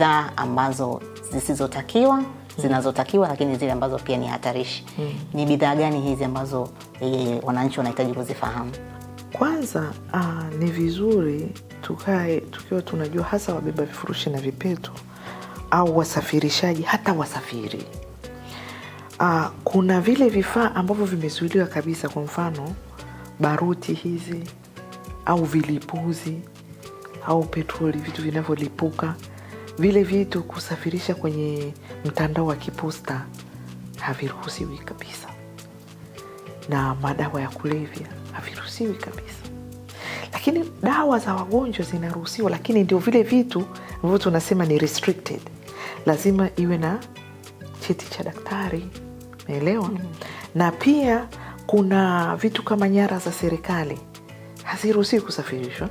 bidhaa ambazo zisizotakiwa mm. zinazotakiwa lakini zile ambazo pia ni hatarishi. Hmm. Ni bidhaa gani hizi ambazo e, wananchi wanahitaji kuzifahamu? Kwanza uh, ni vizuri tukae tukiwa tunajua hasa wabeba vifurushi na vipeto au wasafirishaji hata wasafiri. uh, kuna vile vifaa ambavyo vimezuiliwa kabisa, kwa mfano baruti hizi au vilipuzi au petroli, vitu vinavyolipuka vile vitu kusafirisha kwenye mtandao wa kiposta haviruhusiwi kabisa, na madawa ya kulevya haviruhusiwi kabisa, lakini dawa za wagonjwa zinaruhusiwa. Lakini ndio vile vitu ambavyo tunasema ni restricted, lazima iwe na cheti cha daktari, naelewa mm -hmm. na pia kuna vitu kama nyara za serikali haziruhusiwi kusafirishwa,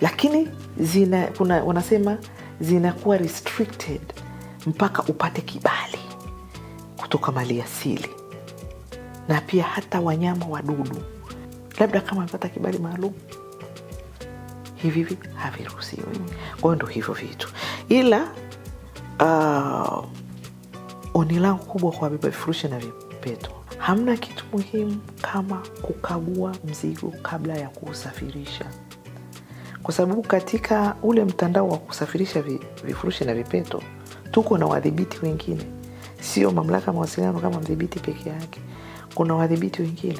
lakini zina, kuna wanasema zinakuwa restricted mpaka upate kibali kutoka maliasili, na pia hata wanyama wadudu, labda kama amepata kibali maalum, hivi hivi haviruhusiwi. Kwa hiyo ndo hivyo vitu, ila uh, oni langu kubwa kwa vipa vifurushi na vipeto, hamna kitu muhimu kama kukagua mzigo kabla ya kuusafirisha kwa sababu katika ule mtandao wa kusafirisha vifurushi na vipeto tuko na wadhibiti wengine, sio mamlaka ya mawasiliano kama mdhibiti peke yake, kuna wadhibiti wengine.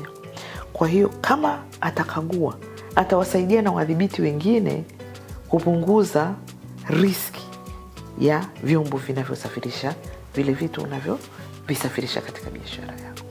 Kwa hiyo kama atakagua, atawasaidia na wadhibiti wengine kupunguza riski ya vyombo vinavyosafirisha vile vitu unavyovisafirisha katika biashara yako.